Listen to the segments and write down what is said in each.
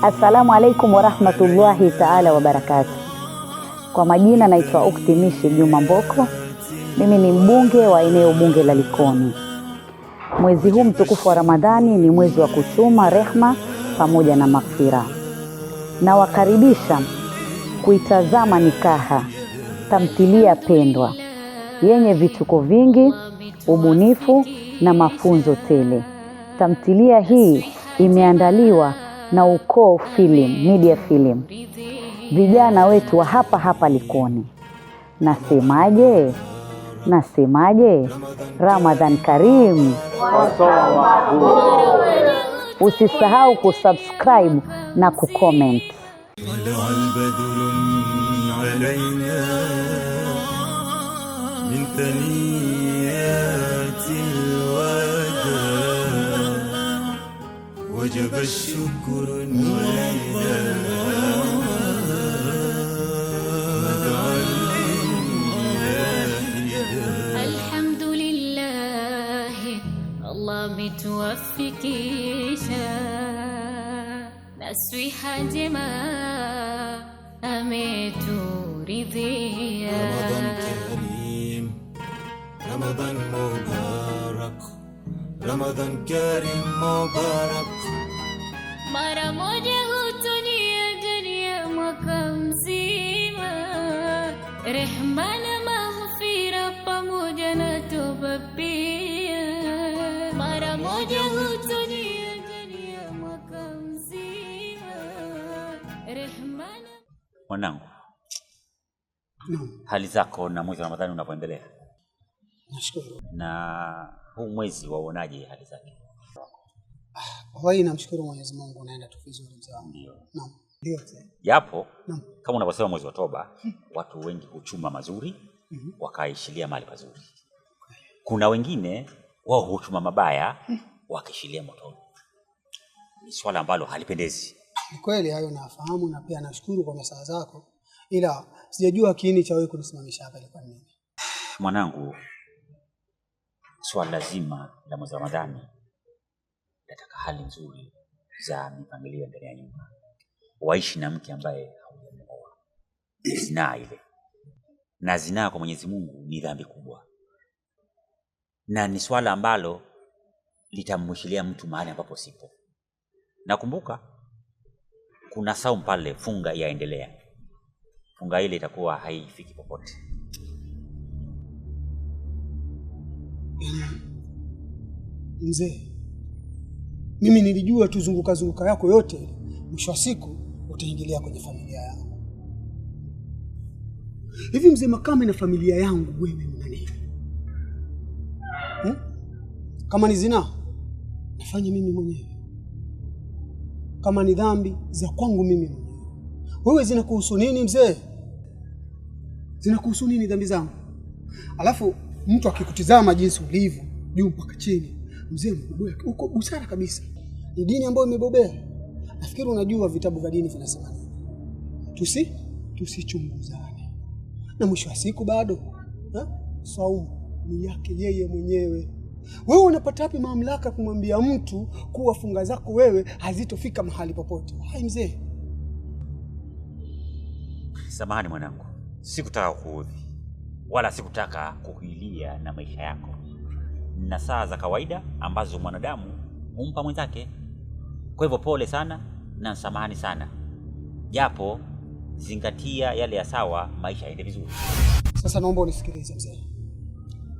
Assalamu alaikum warahmatullahi taala wabarakatu. Kwa majina naitwa Uktimishi Juma Mboko, mimi ni mbunge wa eneo bunge la Likoni. Mwezi huu mtukufu wa Ramadhani ni mwezi wa kuchuma rehma pamoja na maghfira. Nawakaribisha kuitazama Nikaha, tamthilia pendwa yenye vituko vingi, ubunifu na mafunzo tele. Tamthilia hii imeandaliwa na Ukoo Film Media Film, vijana wetu wa hapa hapa Likoni. Nasemaje? Nasemaje? Ramadhan Karim. Usisahau kusubscribe na kucomment. وجب الشكر والله بتوفقيشا نسوي حاجة ما أميت رضيا رمضان كريم رمضان مبارك رمضان كريم مبارك mara moja hutunia dunia mwaka mzima, rehma na maghfira pamoja na toba pia, mara moja hutunia dunia mwaka mzima, rehma na mwanangu. Hali zako na mwezi wa Ramadhani unapoendelea? Nashukuru. Na huu mwezi wauonaje hali zake? Kwa namshukuru Mwenyezi Mungu, naenda tu vizuri mzee wangu. Naam. Ndio. Naam. kama unavyosema mwezi wa toba watu wengi huchuma mazuri mm -hmm. wakaishilia mali pazuri. Kuna wengine wao huchuma mabaya wakaishilia motoni. Ni swala ambalo halipendezi. Ni kweli hayo nafahamu, na pia nashukuru kwa masaa zako, ila sijajua kiini cha wewe kunisimamisha hapa ilikuwa nini. Mwanangu, swala zima la mwezi Ramadhani nataka hali nzuri za mipangilio ndani ya nyumba, waishi na mke ambaye haujamuoa. Zinaa ile na zinaa kwa Mwenyezi Mungu ni dhambi kubwa, na ni swala ambalo litamwishilia mtu mahali ambapo sipo. Nakumbuka kuna saumu pale, funga yaendelea, funga ile itakuwa haifiki popote. Mzee mimi nilijua tu zunguka zunguka yako yote, mwisho wa siku utaingilia kwenye familia yangu. Hivi mzee Makame na familia yangu wewe mna nini hmm? Kama ni zinaa nafanya mimi mwenyewe, kama ni dhambi za kwangu mimi mwenyewe. Wewe zinakuhusu nini mzee? Zinakuhusu nini dhambi zangu? Alafu mtu akikutizama jinsi ulivyo juu mpaka chini Mzee mkubwa uko busara kabisa, ni dini ambayo imebobea. Nafikiri unajua vitabu vya dini vinasema nini. Tusi tusichunguzane, na mwisho wa siku bado saumu ni yake yeye mwenyewe. Wewe unapata wapi mamlaka kumwambia mtu kuwa funga zako wewe hazitofika mahali popote? Hai mzee, samahani mwanangu, sikutaka kuudhi wala sikutaka kuhilia na maisha yako na saa za kawaida ambazo mwanadamu humpa mwenzake. Kwa hivyo pole sana na samahani sana, japo zingatia yale ya sawa, maisha yaende vizuri. Sasa naomba unisikilize mzee,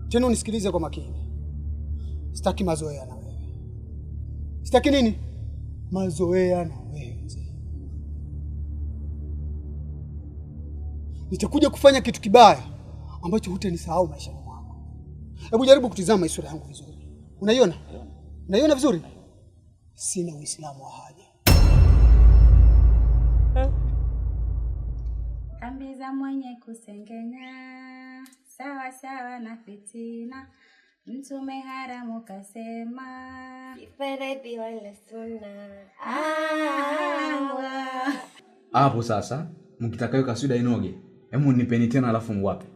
tena unisikilize kwa makini. Sitaki mazoea na wewe, sitaki nini mazoea na wewe mzee. Nitakuja kufanya kitu kibaya ambacho hutanisahau maisha Hebu jaribu kutizama sura yangu vizuri. Unaiona? Unaiona vizuri? Sina Uislamu wa haja. Kambi za mwenye kusengenya, sawa sawa na fitina. Mtume haramu kasema, ifaradhi wala sunna. Ah, Hapo sasa, mkitakayo kaswida inoge. Hebu nipeni tena alafu mwape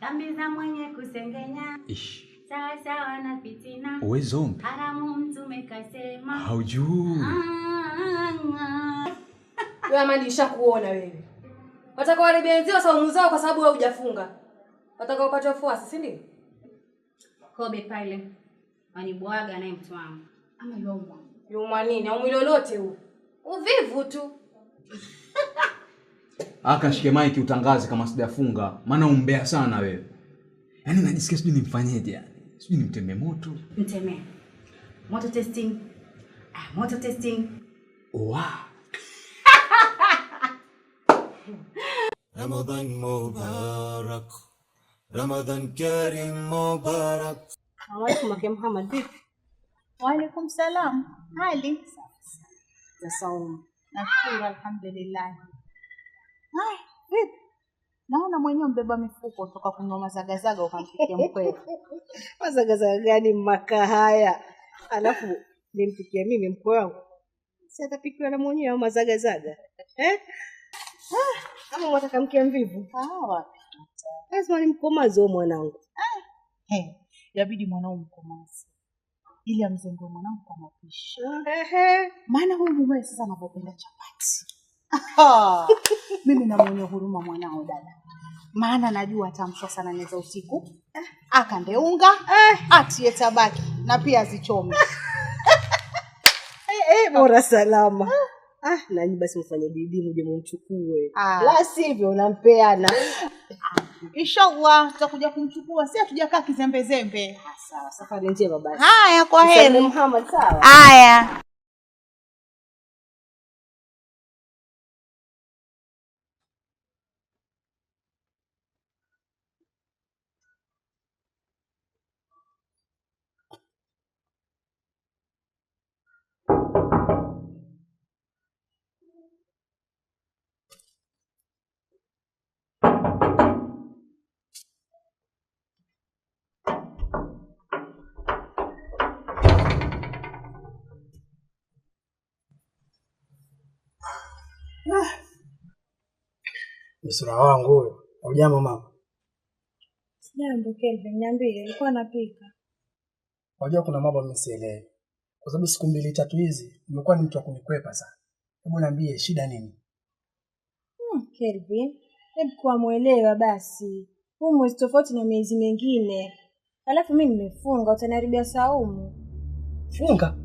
dhambi za mwenye kusengenya Ish. sawa sawa na fitina uwezombe haramu mtume kasema haujui ah, ah, ah. wewe amani nishakuona wewe watakaoharibienziwa saumu zao kwa sababu wewe hujafunga watakaopata ufuasi si ndio kobe pale wanibwaga naye mtu wangu ama yomwa yomwa nini aumwi lolote huu uvivu tu Aka shike mike utangaze kama sijafunga, maana umbea sana wewe. Yaani najisikia sijui nimfanyeje yani. Sijui nimteme moto. Mteme. Moto testing. Ah, moto testing. Wow. Ramadan Mubarak. Ramadan Karim Mubarak. Alaikum Akia Muhammad. Wa Waalaikum salam. Hali. Saumu. Nashukuru alhamdulillahi. Naona mwenyewe mbeba mifuko toka kununua mazagazaga ukampikia mkweli. mazagazaga gani maka haya? Alafu nimpikia mimi mkwe wangu. Si atapikiwa na mwenyewe au mazagazaga? Eh? Ah, kama mvivu. Lazima nimkomaze huyo mwanangu. Ah. Hey, yabidi mwanao mkomaze ili amzengue mwanangu kwa mapishi. Ehe. Maana huyu mume sasa anapopenda chapati mimi namwonea huruma mwanao dada, maana najua atamshwa sana neza usiku akande unga eh. atie tabaki na pia azichome mora eh, eh, ah. salama. Ah, ah nani basi mfanye bidii mje mumchukue, ah. la sivyo unampeana. Inshallah tutakuja kumchukua, si hatujakaa kizembezembe. Sawa, safari njema basi. Haya, kwa heri Muhammad. Sawa, haya. Msura wangu huyo. Hujambo mama? Sijambo Kelvin, niambie ulikuwa unapika. Unajua kuna mambo mimi sielewi. Kwa sababu siku mbili tatu hizi umekuwa ni mtu wa kunikwepa sana. Hebu niambie shida nini? Hmm, Kelvin, hebu kuwa mwelewa basi. Huu mwezi tofauti na miezi mingine. Alafu mimi nimefunga, utaniharibia saumu. Funga?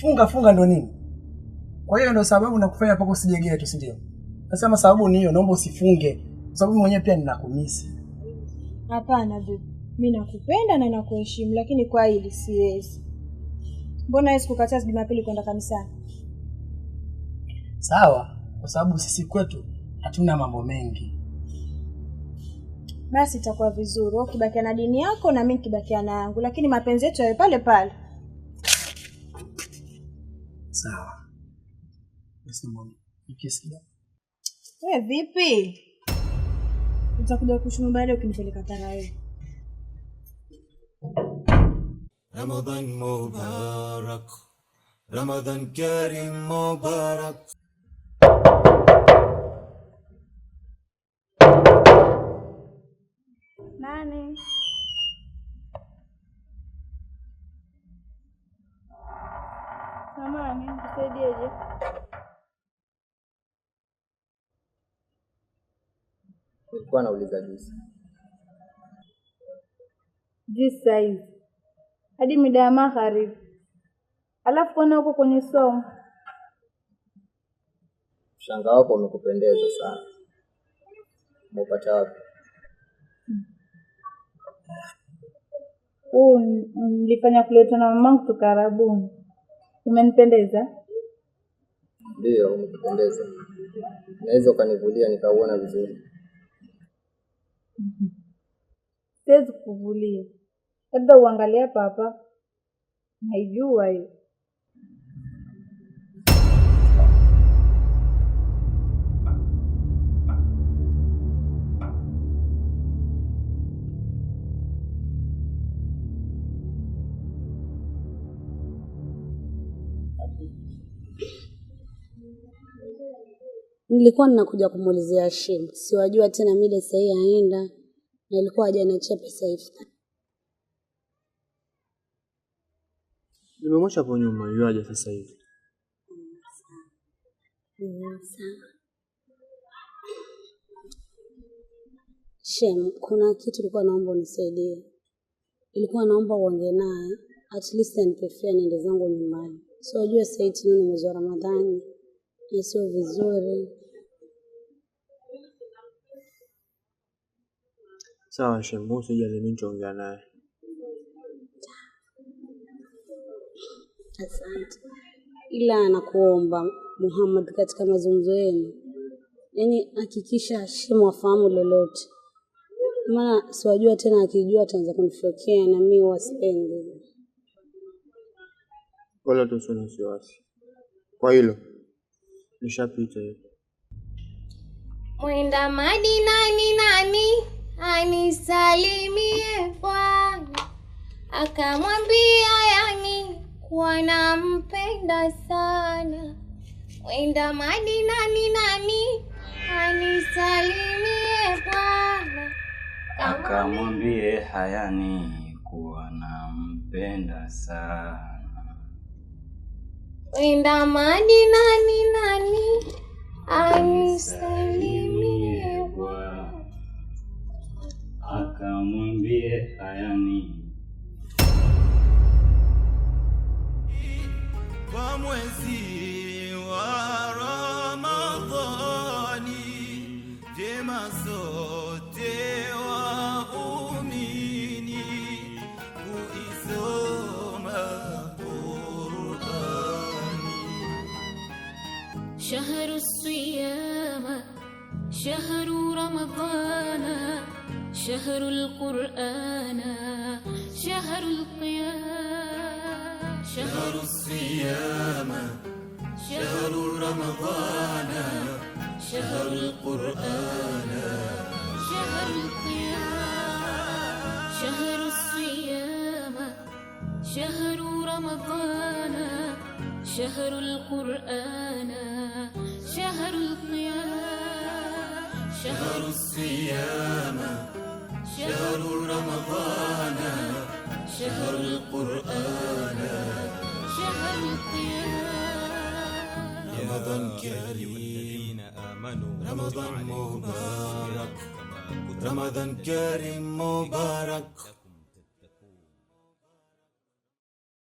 Funga funga ndo nini? Kwa hiyo ndo sababu nakufanya pako sijegea tu, si ndio? Nasema sababu ni hiyo, naomba usifunge kwa sababu mwenyewe pia ninakumisi. Hapana bibi, mimi nakupenda na nakuheshimu, lakini kwa hili siwezi. Mbona wewe sikukataa Jumapili kwenda kanisani? Sawa, kwa sababu sisi kwetu hatuna mambo mengi. Basi itakuwa vizuri ukibakia na dini yako na mimi nikibakia na yangu, lakini mapenzi yetu yawe pale pale. Sawa. Nikisikia Eh, vipi? Utakuja kushuma baada ukinipeleka tarawih. Ramadan Mubarak. Ramadan Karim Mubarak. Nani? Samahani, msaidieje? Nilikuwa nauliza juzi juzi saa hadi mida ya magharibi, alafu kwana huko kwenye somo. Mshanga wako umekupendeza sana, umepata wapi huu? Nilifanya kuleta na mamangu kutoka Arabuni. Umenipendeza. ndio umekupendeza. Unaweza ukanivulia nikauona vizuri. kuvulia labda uangalie hapa hapa, naijua hiyo. Nilikuwa ninakuja kumwelezea Hashim, siwajua tena mida sahii aenda na ilikuwa hajaniachia pesa elfu tano. Nimemwacha hapo nyuma, yuaje sasa hivi? Shem, kuna kitu ilikuwa naomba unisaidie. Ilikuwa naomba uongee naye at least anipefia niende zangu nyumbani, so unajua sasa hivi ni mwezi wa Ramadhani na sio vizuri Sawa naye. Asante. Ila nakuomba Muhammad, katika mazungumzo yenu, yaani hakikisha Hashim afahamu lolote, maana siwajua tena, akijua ataanza kunifokea na mimi wasipendi. Wala tusiwe na wasiwasi kwa hilo, nishapita hiyo. Mwenda nani nani? anisalimie Bwana. Akamwambia Yani, kuwa nampenda sana. Wenda Madinani nani anisalimie Bwana. Akamwambie Hayani kuwa nampenda sana. Wenda Madinani nani anisalimie Bwana akamwambie hayani kwa mwezi شهر الصيام شهر رمضان شهر القرآن شهر القيام شهر الصيام شهر رمضان شهر القرآن شهر القيام شهر الصيام شهر رمضان شهر القرآن القيامة رمضان كريم رمضان مبارك رمضان كريم مبارك